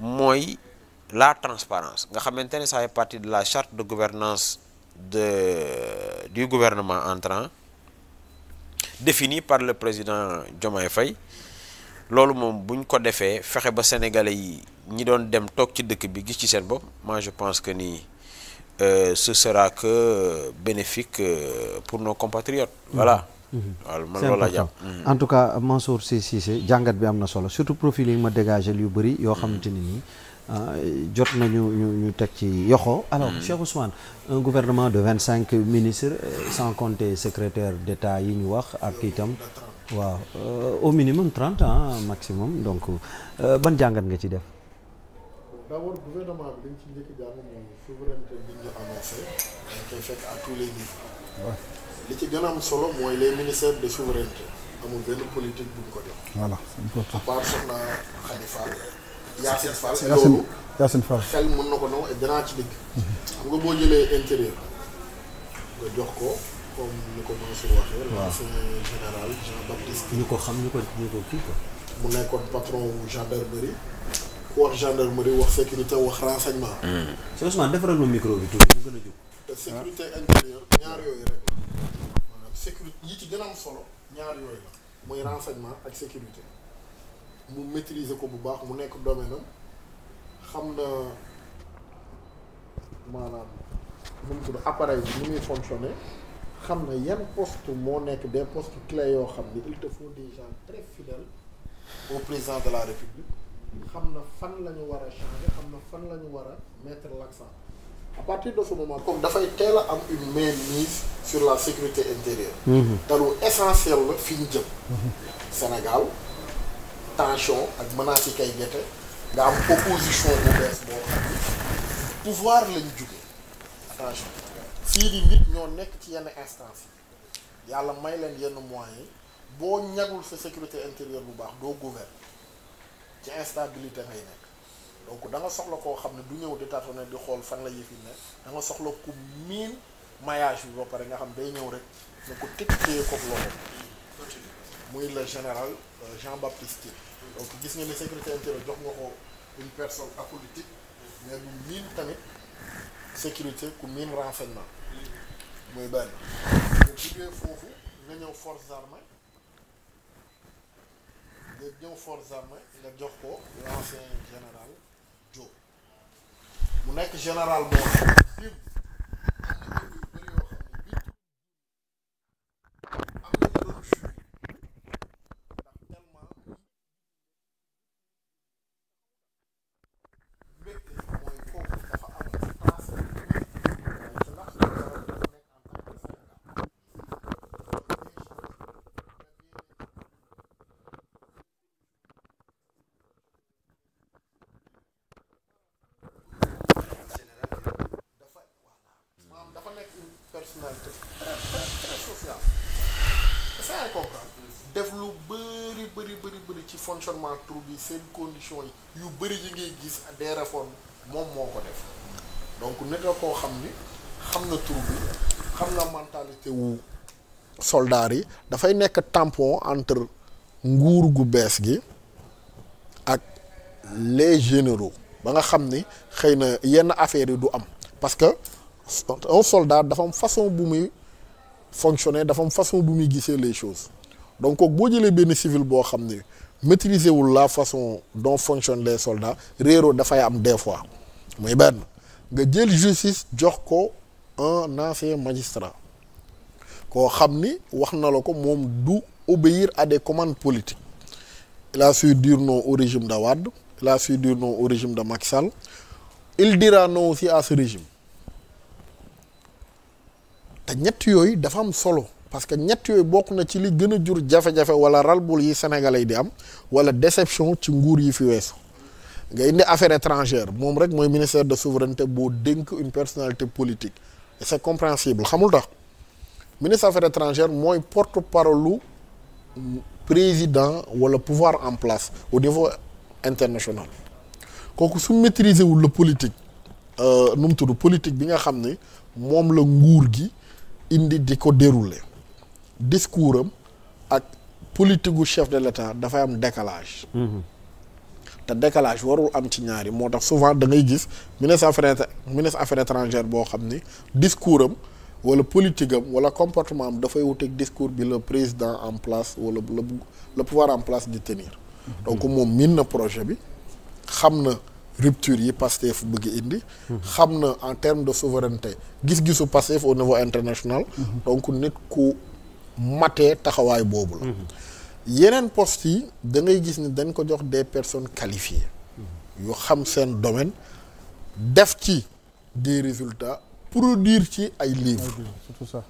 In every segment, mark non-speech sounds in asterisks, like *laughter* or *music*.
mooy la transparence nga xamante ne ça fait partie de la charte de gouvernance de du gouvernement entrant définie par le président Diomaye fay loolu moom buñ ko defee fexe ba sénégalais yi ñi doon dem toog ci dëkk bi gis ci seen bopp moi je pense que nii euh, ce sera que euh, bénéfique euh, pour no compatriotes. voilà. waaw man loolu laa mm-hmm. en tout cas Mansour Sy Cissé jàngat bi am na solo surtout profil yi ma dégagé yu bëri yoo mm-hmm. xamante ni nii ah, jot nañu ñu ñu teg ci yoxo alors mm-hmm. Cheikh Ousmane un de vingt cinq ministre sans compter secrétaire d'État yi ñu wax ak itam waaw euh, au minimum trente ans maximum donc euh, ban jàngat nga ci def li ci gën a am solo mooy les ministères de souveraineté amul benn politique bu ñu ko jox. voilà c'est important. à part soxna Khady Fall. Yacine Fall loolu Yacine Fall. xel mën na ko naw et danaa ci digg. xam nga boo jëlee intérieur nga jox ko comme ni ko Mansour waxee. waaw le général Jean Baptiste. ñu ko xam ñu ko ñu ko kii quoi. mu nekkoon patron wu gendarmerie. ku wax gendarmerie wax sécurité wax renseignement. Mmh. soo Ousmane defaral ma micro bi tuuti mu gën a jóg. te sécurité intérieure ñaar yooyu rek. sécurité yi ci gën a am solo ñaar yooyu la mooy renseignement ak sécurité mu maîtriser ko bu baax mu nekk domaine am xam na maanaam nu mu tudd appareil bi ni muy fonctionner xam na yan poste moo nekk des postes clés yoo xam ni il te faut des gens très fidèles au président de la république xam na fan la ñu war a changer xam na fan la ñu war a mettre l'accent à de ce moment comme dafay teel a am une mainmise sur la sécurité intérieure. Mhm. te lu essentiel la fi ñu jëm. Sénégal tension ak menaces yi kay gerte nga am opposition bu bees boo xam pouvoir lañ jóge attention fii di nit ñoo nekk ci yenn instance yàlla may leen yenn moyens boo ñagul sa sécurité intérieure bu baax doo gouverner ci instabilité ngay nekk. donc da nga soxla koo xam ne du ñëw di tâtonner di xool fan la yëf yi ne da soxla ku miin maillage bi ba pare nga xam day ñëw rek ne ko tëj téye koog loolu muy le général euh, Jean Baptiste Tine donc gis nga ni sécurité intérieure jox nga ko une personne apolitique mais miin tamit sécurité ku miin renseignement muy benn bu jugee foofu nga ñëw forces armées nga ñëw forces armées nga jox ko l'ancien général Diop mu nekk général boo xam personnalité très def lu bëri bëri bëri bëri ci fonctionnement troupe bi seen condition yu bëri yi ngay gis des réformes moom moo ko def donc nit la koo xam ni xam na troupe xam na mentalité wu soldaar yi dafay nekk tampon entre nguur gu bees gi ak les généraux ba nga xam ni xëy na yenn affaires yi du am parce un soldat dafa am façon bu muy fonctionner dafa am façon bu muy gisee les choses donc boo jëlee benn civil boo xam ni maîtriser wul la façon dont fonctionnent les soldats réero dafay am des fois muy benn nga jël justice jox ko un ancien magistrat koo xam ni wax na la ko moom du obéir à des commandes politiques la a su dire non au régime de Wade il a su dire au régime de Macky Sall il dira non aussi à ce régime te ñetti yooyu dafa am solo parce que ñett yooyu bokk na ci li gën a jur jafe-jafe wala ralbul yi sénégalais yi di am wala déception ci nguur yi fi weesu nga indi affaire étrangère moom rek mooy ministère de souveraineté boo dénk une personnalité politique et c'est compréhensible xamul tax ministre affaires étrangères mooy porte-parole lu président wala pouvoir en place au niveau international kooku su maîtriser wul la politique euh, nu mu tudd politique bi nga xam ne moom la nguur gi indi di ko dérouler discours am ak politique gu chef de l'État dafay am décalage. Mhm. te décalage warul am ci ñaari moo tax souvent da ngay gis ministre affaires ministre affaires étrangères boo xam ni discours am wala politique am wala comportement am dafay wuteeg discours bi le président en place wala le le pouvoir en place di tenir. Mhm. donc moom miin na projet bi xam na. rupture yi fu bëgg indi. xam na en terme de souveraineté gis-gisu Pastef au niveau international. donc nit ku matee taxawaay boobu la. yeneen postes yi da gis ni dañ ko jox des personnes qualifiées. yu xam seen domaine def ci des résultat produire ci ay livres. surtout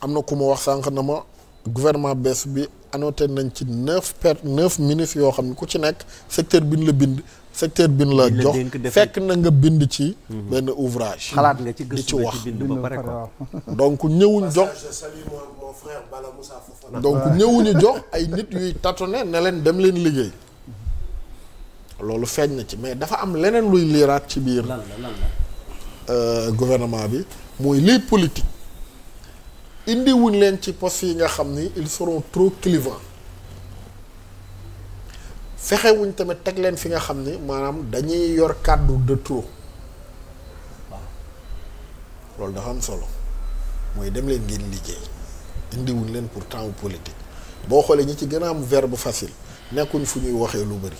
am na ku ma wax sànq na ma gouvernement bees bi annoté nañ ci neuf per neuf ministres yoo xam ne ku ci nekk secteur bi ñu la bind. secteur bin la jox fekk na nga bind ci mhm. benn ouvrage xalaat nga ci gëstu ci wax *laughs* *laughs* donc ñëwuñ jox donc ñëwuñu *laughs* jox ay nit yuy tâtonner ne leen dem leen liggéey loolu feeñ na ci mais dafa am leneen luy liiraat ci biir euh, gouvernement bi mooy les politiques indiwuñ leen ci post yi nga xam ni il seront trop clivants fexewuñ tamit teg leen fi nga xam ni maanaam dañuy yor kàddu de trop loolu dafa am solo mooy dem leen ngeen liggéey indiwuñ leen pour temps politique boo xoolee ñi ci gën a am verbe facile nekkuñ fu ñuy waxee lu bari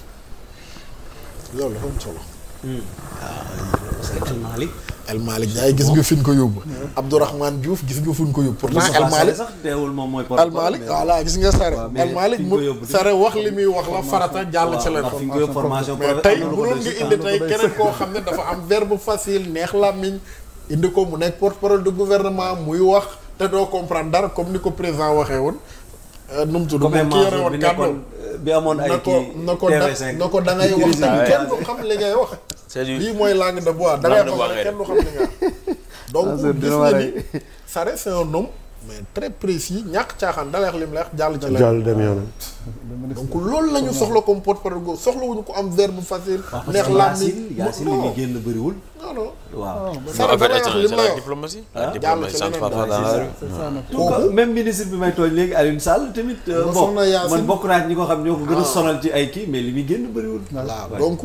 loolu dafa am solo. Hmm. El Malick gis nga fi ko yóbbu. Abdourahmane Diouf gis nga fu ñu ko yóbbu. pourtant El Malick sax teewul moom mooy. El Malick voilà gis nga Sare. El mu Sare wax li muy wax la farata jàll ci leen. mais tey mënoon nga indi tey keneen koo xam ne dafa am verbe facile neex làmmiñ indi ko mu nekk porte parole du gouvernement muy wax te doo comprendre dara comme ni ko président waxee woon. Euh, nu mu tudd moom ki yore woon kàddu bi amoon ay kii na ko na ko da ngay *laughs* wax kenn du xam li wax. c'est lii mooy langue de bois. langue de bois da ngay xam ne nga *laughs* donc gis nga ni Sare c'est un mais très précis ñàkk caaxaan daleex lim leex jàll ci jàll dem yoonam donc loolu la ñu soxla comme porte-parole go soxlawuñu ko am verbe facile neex làmmiñ Yacine li génn bëriwul non non waaw sara daleex lim ah. la diplomatie jàll ci leneen même ministre bi may tooñ léegi Alioune Sall tamit euh, bon man bokk naa ñi ko xam ñoo ko gën a ah. sonal ci ay kii mais li muy génn bëriwul waaw donc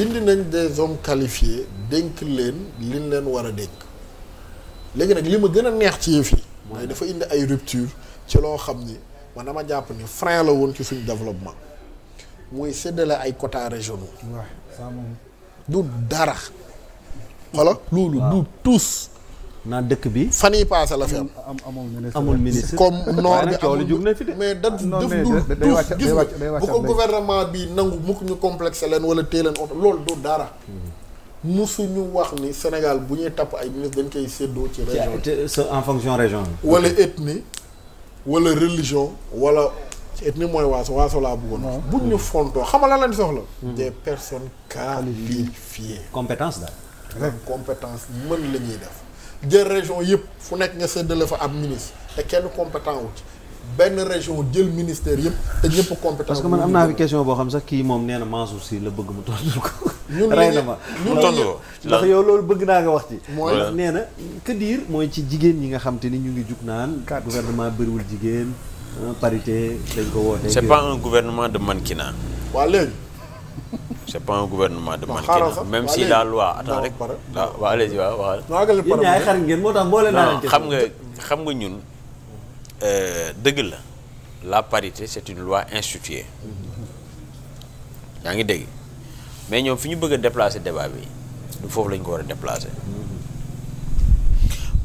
indi nañ des hommes qualifiés dénk leen liñ leen war a dénk léegi nag li ma gën a neex ci yëf mooy dafa indi ay rupture ci loo xam ni man ma jàpp ni frein la woon ci suñu développement mooy seddale ay quotas régionaux. du dara. wala loolu du tous. naa dëkk bi. fan yii paase la fi am. amul ministre comme noor bi amul mais da ah, def dul tous gis bu ko gouvernement bi nangu mukk ñu complexe leen wala téye leen lool loolu du dara. Hmm. musuñu wax ni Sénégal bu ñuy tapp ay ministre dañ koy séddoo ci région en fonction région wala ethnie wala religion wala ethnie mooy waaso waaso laa bëggoon buñ ñu fontoo xamal lan lañ soxla hmm. des personnes qualifiées compétence daal rek compétence mën la ñuy def jël région yëpp fu nekk nga séddale fa ab ministre te kenn compétent wu benn région jël ministère yëpp te ñëpp compétence. parce que man am naa fi question boo xam sax kii moom nee na Mansour Sy la bëgg mu tontu ko. ñun rey na ma ndax yow loolu bëgg naa nga wax ci. mooy na mooy ci jigéen ñi nga xam te ni ñu ngi jug naan. gouvernement bëriwul jigéen parité dañ ko woote. c'est pas un gouvernement de man ki naan c'est pas un gouvernement de mannequinat même si la waa attends rek waaw ah, waaw allez-y waaw waaw. ngeen moo tax boole naa xam nga xam nga ñun. Euh, dëgg la la parité c'est une loi instituée yaa ngi dégg mais ñoom fi ñu bëgg a déplacer débat bi du foofu la ko war a déplacer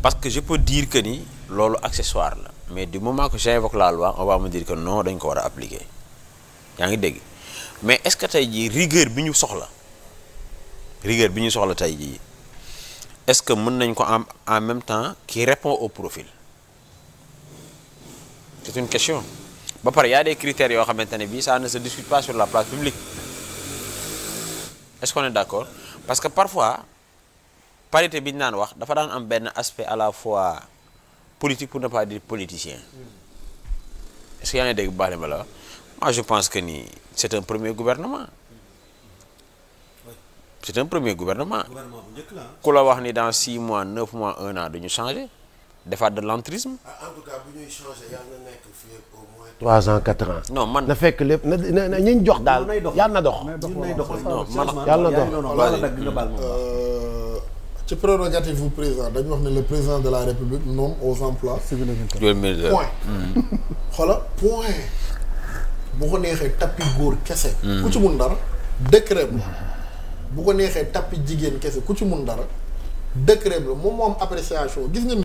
parce que je peux dire que ni loolu accessoire la mais du moment que j'invoque la loi on va me dire que non dañ ko war a appliquer yaa ngi dégg mais est-ce que tey jii rigueur bi ñu soxla rigueur bi ñu soxla tey jii est-ce que mën nañ ko am en même temps qui répond au profil c'est une question ba pare y a des yoo xamante ne bii sa ne se discute pas sur la place publique est-ce qu'on est d'accord parce que parfois parité bi ñu naan wax dafa daan am benn aspect à la fois politique pour ne pas dire politicien est-ce que yaa ngi dégg bu baax ma la wax je pense que nii c'est un premier gouvernement c'est un premier gouvernement ku la wax ni dans six mois neuf mois un an ñu changer defaat de l'entrisme. Ah, en tout bu ñuy changé yàlla na nekk fii trois ans quatre ans. non man na fekk lépp na na ñu jox daal yàlla na dox. non man yàlla na dox euh, ci prérogative bu président dañu wax ne le président de la république nomme aux emplois civils et militaires point. Hmm. xoola point bu ko neexee tappi góor kese. Hmm. ku ci mun dara décret bi bu ko neexee tappi jigéen kese ku ci mun dara décret bi moom moo appréciation gis nga.